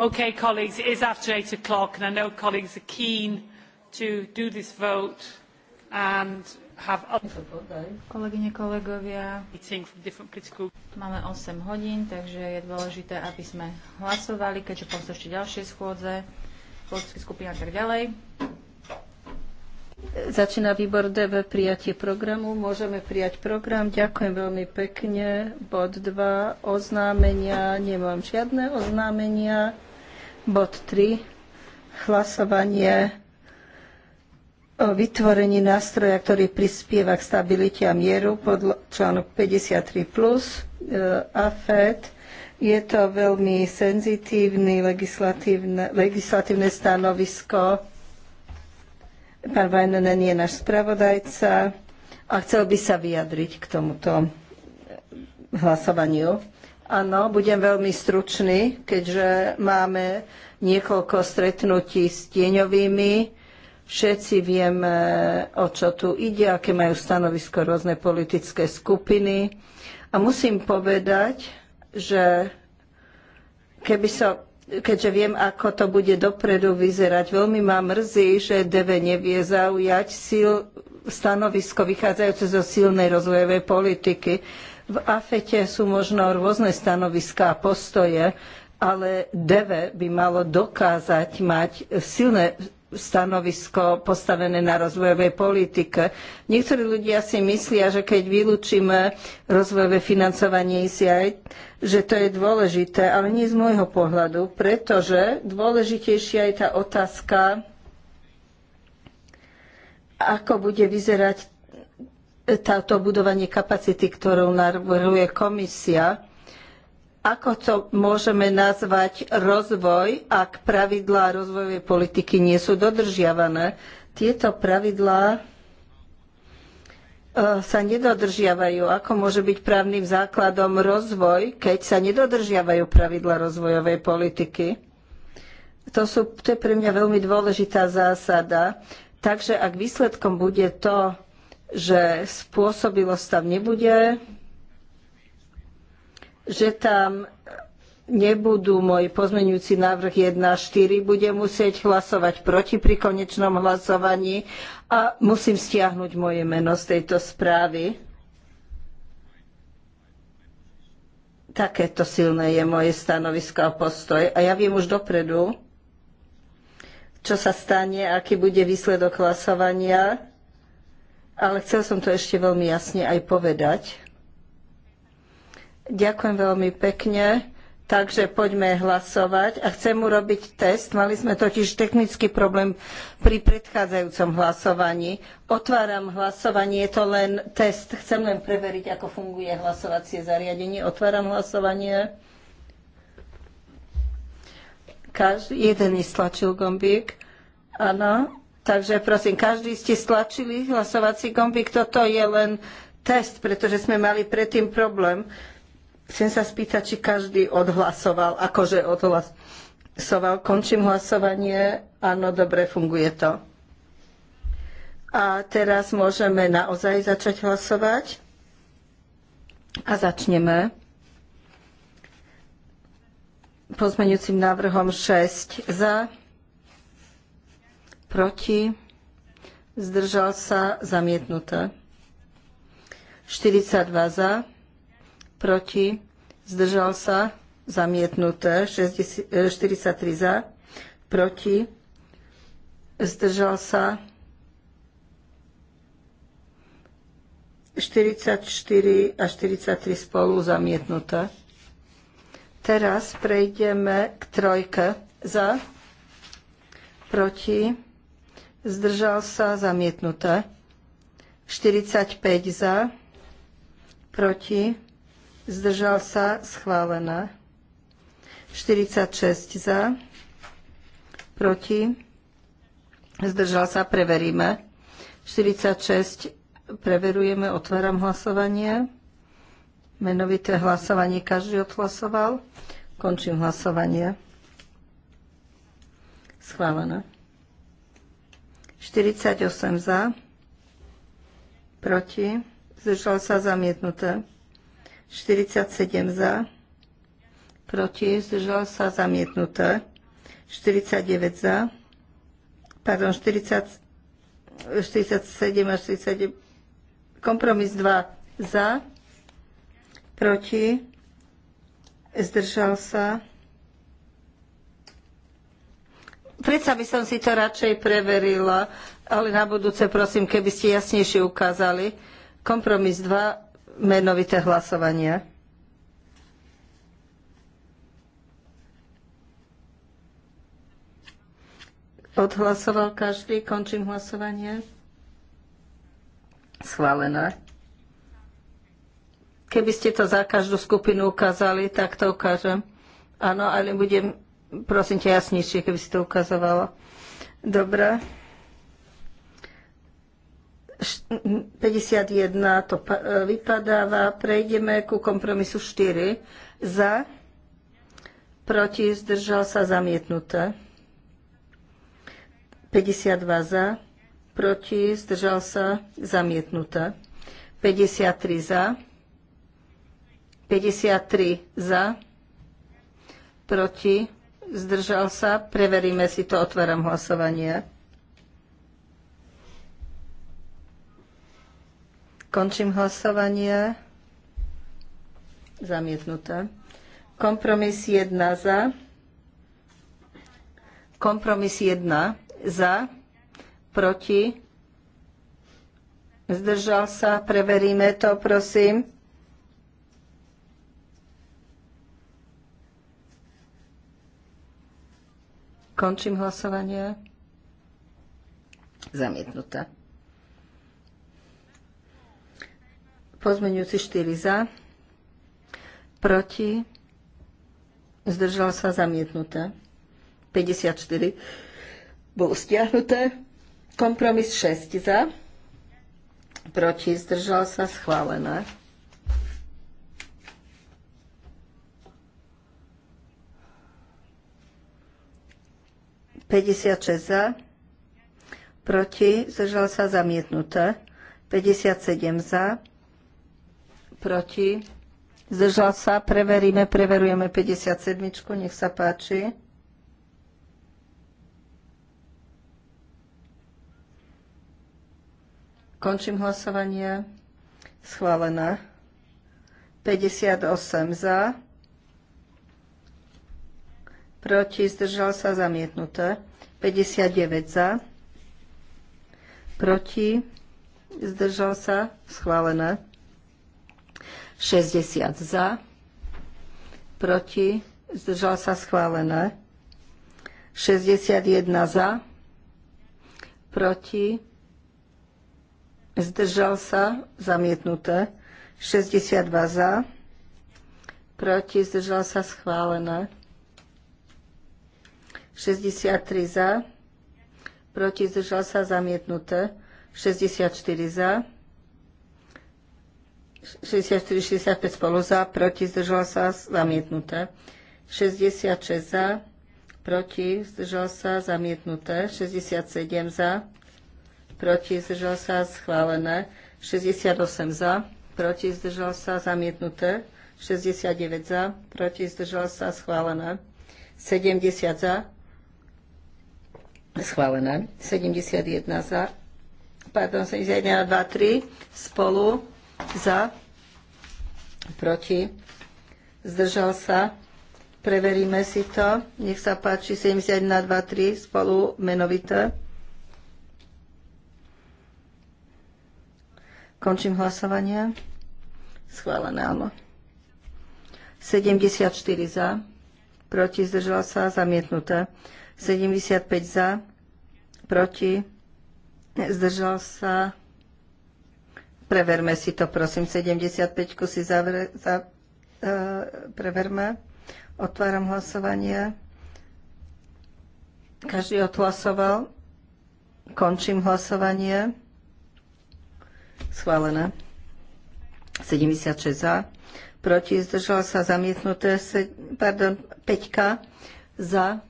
Okay, colleagues, it is after 8 o'clock, and I know colleagues are keen to do this vote and have other Kolegyne, kolegovia, meeting from different political máme 8 hodín, takže je dôležité, aby sme hlasovali, keďže pôjdu ešte ďalšie schôdze, politických skupín a tak ďalej. Začína výbor DV prijatie programu. Môžeme prijať program. Ďakujem veľmi pekne. Bod 2. Oznámenia. Nemám žiadne oznámenia. Bod 3. Hlasovanie o vytvorení nástroja, ktorý prispieva k stabilite a mieru pod článok 53+, plus, e, AFED. Je to veľmi senzitívne legislatívne, legislatívne stanovisko. Pán Vajnonen je náš spravodajca a chcel by sa vyjadriť k tomuto hlasovaniu. Áno, budem veľmi stručný, keďže máme niekoľko stretnutí s tieňovými. Všetci vieme, o čo tu ide, aké majú stanovisko rôzne politické skupiny. A musím povedať, že keby sa, keďže viem, ako to bude dopredu vyzerať, veľmi ma mrzí, že DV nevie zaujať sil, stanovisko vychádzajúce zo silnej rozvojovej politiky v AFETE sú možno rôzne stanoviská a postoje, ale DEVE by malo dokázať mať silné stanovisko postavené na rozvojovej politike. Niektorí ľudia si myslia, že keď vylúčime rozvojové financovanie ICI, že to je dôležité, ale nie z môjho pohľadu, pretože dôležitejšia je tá otázka, ako bude vyzerať táto budovanie kapacity, ktorú navrhuje komisia. Ako to môžeme nazvať rozvoj, ak pravidlá rozvojovej politiky nie sú dodržiavané? Tieto pravidlá e, sa nedodržiavajú. Ako môže byť právnym základom rozvoj, keď sa nedodržiavajú pravidla rozvojovej politiky? To, sú, to je pre mňa veľmi dôležitá zásada. Takže ak výsledkom bude to, že spôsobilosť tam nebude, že tam nebudú môj pozmeňujúci návrh 1.4, budem musieť hlasovať proti pri konečnom hlasovaní a musím stiahnuť moje meno z tejto správy. Takéto silné je moje stanovisko a postoj. A ja viem už dopredu, čo sa stane, aký bude výsledok hlasovania ale chcel som to ešte veľmi jasne aj povedať. Ďakujem veľmi pekne. Takže poďme hlasovať. A chcem urobiť test. Mali sme totiž technický problém pri predchádzajúcom hlasovaní. Otváram hlasovanie, je to len test. Chcem len preveriť, ako funguje hlasovacie zariadenie. Otváram hlasovanie. Každý, jeden stlačil gombík. Áno, Takže prosím, každý ste stlačili hlasovací gombík. Toto je len test, pretože sme mali predtým problém. Chcem sa spýtať, či každý odhlasoval, akože odhlasoval. Končím hlasovanie. Áno, dobre, funguje to. A teraz môžeme naozaj začať hlasovať. A začneme pozmeňujúcim návrhom 6 za proti, zdržal sa, zamietnuté. 42 za, proti, zdržal sa, zamietnuté. 43 e, za, proti, zdržal sa, 44 a 43 spolu zamietnuté. Teraz prejdeme k trojke za, proti, zdržal sa, zamietnuté. 45 za, proti, zdržal sa, schválené. 46 za, proti, zdržal sa, preveríme. 46 preverujeme, otváram hlasovanie. Menovité hlasovanie každý odhlasoval. Končím hlasovanie. Schválené. 48 za, proti, zdržal sa zamietnuté. 47 za, proti, zdržal sa zamietnuté. 49 za, pardon, 40, 47 a 49, kompromis 2 za, proti, zdržal sa Predsa by som si to radšej preverila, ale na budúce prosím, keby ste jasnejšie ukázali. Kompromis 2, menovité hlasovanie. Odhlasoval každý, končím hlasovanie. Schválené. Keby ste to za každú skupinu ukázali, tak to ukážem. Áno, ale budem Prosím ťa jasnejšie, keby si to ukazovala. Dobre. 51 to vypadáva. Prejdeme ku kompromisu 4. Za, proti, zdržal sa, zamietnuté. 52 za, proti, zdržal sa, zamietnuté. 53 za, 53 za, proti, zdržal sa, preveríme si to, otváram hlasovanie. Končím hlasovanie. Zamietnuté. Kompromis 1 za. Kompromis 1 za. Proti. Zdržal sa. Preveríme to, prosím. Končím hlasovanie. Zamietnuté. Pozmeňujúci 4 za. Proti. Zdržala sa zamietnuté. 54 bolo stiahnuté. Kompromis 6 za. Proti. Zdržala sa schválené. 56 za, proti, zdržal sa zamietnuté. 57 za, proti, zdržal sa, preveríme, preverujeme 57, nech sa páči. Končím hlasovanie. Schválené. 58 za, proti, zdržal sa, zamietnuté. 59 za, proti, zdržal sa, schválené. 60 za, proti, zdržal sa, schválené. 61 za, proti, zdržal sa, zamietnuté. 62 za, proti, zdržal sa, schválené. 63 za, proti zdržal sa zamietnuté, 64 za, 64, 65 spolu za, proti zdržal sa zamietnuté, 66 za, proti zdržal sa zamietnuté, 67 za, proti zdržal sa schválené, 68 za, proti zdržal sa zamietnuté, 69 za, proti zdržal sa schválené, 70 za, Schválená. 71 za, pardon, 71 a 2, 3 spolu za, proti, zdržal sa, preveríme si to, nech sa páči 71 a 2, 3 spolu menovité. Končím hlasovanie. Schválené, áno. 74 za, proti, zdržal sa, zamietnuté. 75 za, proti, zdržal sa. Preverme si to, prosím, 75 si zavre, za, e, preverme. Otváram hlasovanie. Každý odhlasoval. Končím hlasovanie. Schválené. 76 za. Proti zdržala sa zamietnuté, pardon, 5 za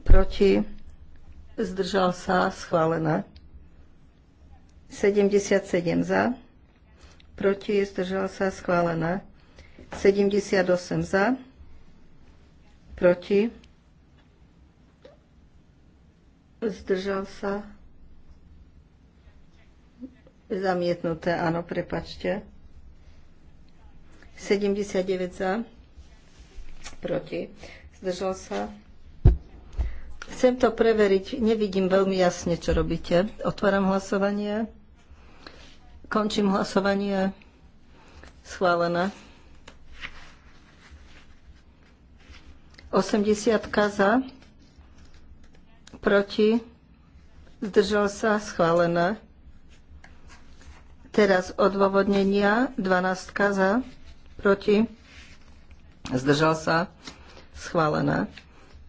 proti, zdržal sa, schválené. 77 za, proti, zdržal sa, schválené. 78 za, proti, zdržal sa, zamietnuté, áno, prepačte. 79 za, proti, zdržal sa, Chcem to preveriť. Nevidím veľmi jasne, čo robíte. Otváram hlasovanie. Končím hlasovanie. Schválené. 80 za. Proti. Zdržal sa. Schválené. Teraz odôvodnenia. 12 za. Proti. Zdržal sa. Schválené.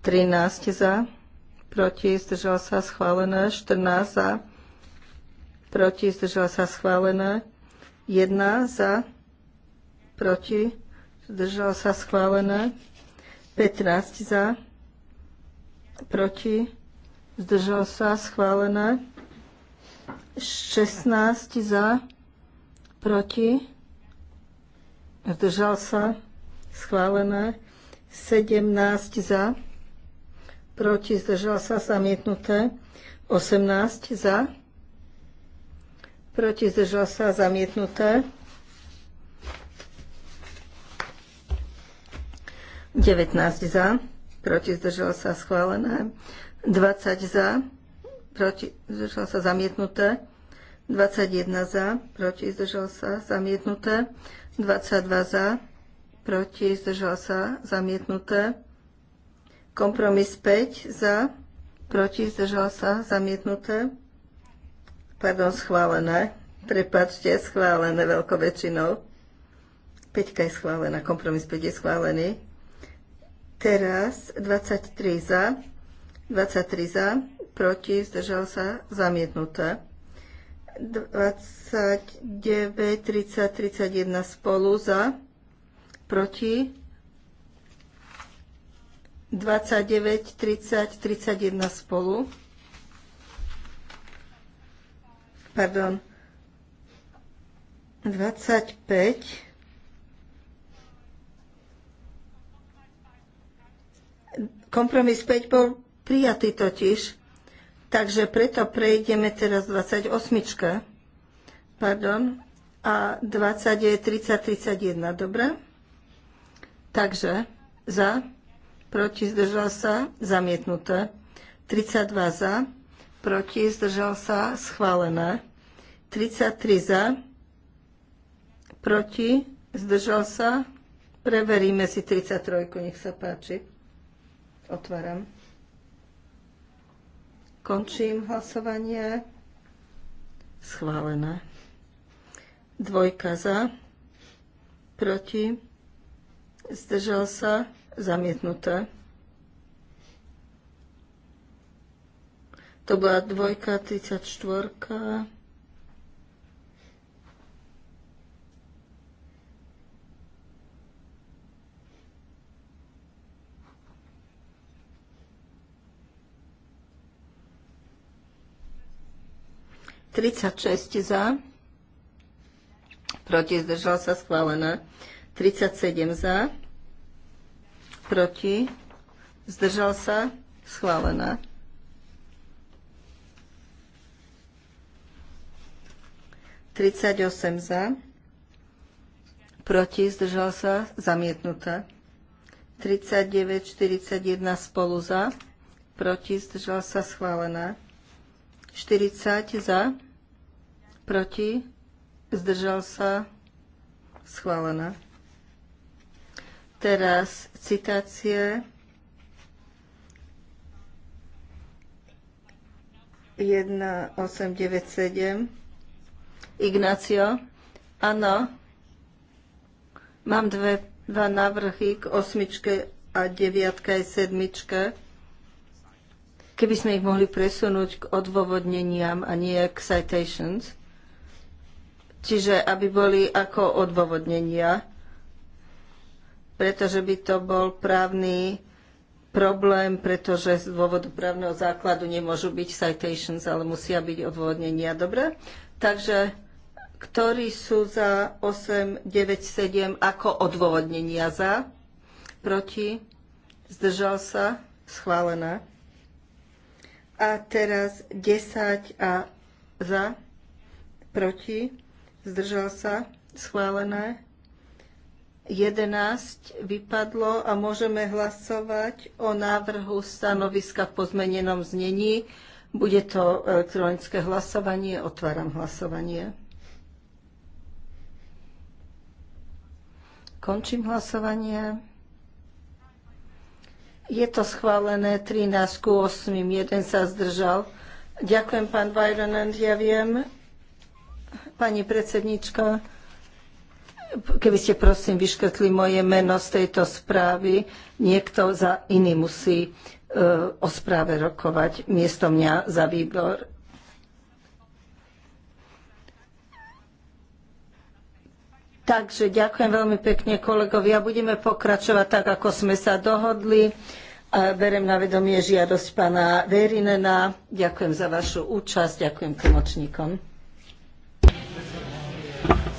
13 za proti, zdržal sa schválené, 14 za, proti, zdržal sa schválené, 1 za, proti, zdržal sa schválené, 15 za, proti, zdržal sa schválené, 16 za, proti, zdržal sa schválené, 17 za, proti, zdržal sa, zamietnuté. 18 za, proti, zdržal sa, zamietnuté. 19 za, proti, zdržal sa, schválené. 20 za, proti, zdržal sa, zamietnuté. 21 za, proti zdržal sa, zamietnuté. 22 za, proti zdržal sa, zamietnuté. Kompromis 5 za, proti, zdržal sa, zamietnuté. Pardon, schválené. Prepačte, schválené veľkou väčšinou. 5 je schválená, kompromis 5 je schválený. Teraz 23 za, 23 za, proti, zdržal sa, zamietnuté. 29, 30, 31 spolu za, proti, 29, 30, 31 spolu. Pardon. 25. Kompromis 5 bol prijatý totiž, takže preto prejdeme teraz 28. Pardon. A 20 30, 31. Dobre? Takže za proti, zdržal sa, zamietnuté. 32 za, proti, zdržal sa, schválené. 33 za, proti, zdržal sa. Preveríme si 33, nech sa páči. Otváram. Končím hlasovanie. Schválené. Dvojka za, proti, zdržal sa zamietnuté. To bola dvojka, 34. Tridsať šesť za, proti zdržal sa schválené, tridsať sedem za, proti, zdržal sa, schválená. Tridsať osem za, proti, zdržal sa, zamietnutá. 39, 41 spolu za, proti, zdržal sa, schválená. 40 za, proti, zdržal sa, schválená. Teraz citácie. Jedna, osem, devet, sedem. Ignácio. Áno. Mám dve, dva návrhy k osmičke a deviatke aj sedmičke. Keby sme ich mohli presunúť k odôvodneniam a nie k citations. Čiže aby boli ako odôvodnenia pretože by to bol právny problém, pretože z dôvodu právneho základu nemôžu byť citations, ale musia byť odvodnenia. Dobre? Takže ktorí sú za 8, 9, 7 ako odvodnenia za, proti, zdržal sa, schválená. A teraz 10 a za, proti, zdržal sa, schválené. 11 vypadlo a môžeme hlasovať o návrhu stanoviska v pozmenenom znení. Bude to elektronické hlasovanie. Otváram hlasovanie. Končím hlasovanie. Je to schválené 13 ku 8, jeden sa zdržal. Ďakujem, pán Vajronand, ja viem. Pani predsednička, keby ste prosím vyškrtli moje meno z tejto správy, niekto za iný musí e, o správe rokovať miesto mňa za výbor. Takže ďakujem veľmi pekne kolegovia. Budeme pokračovať tak, ako sme sa dohodli. A berem na vedomie žiadosť pána Verinena. Ďakujem za vašu účasť, ďakujem tlmočníkom.